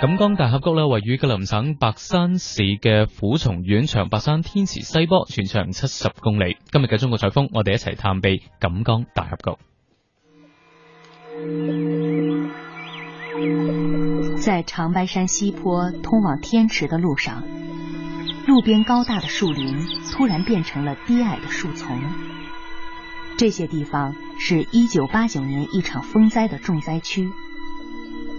錦江大峽谷呢位於吉林省白山市嘅撫松縣長白山天池西坡，全長七十公里。今日嘅中國采風，我哋一齊探秘錦江大峽谷。在長白山西坡通往天池的路上，路邊高大的樹林突然變成了低矮的樹叢。這些地方是一九八九年一場風災的重災區。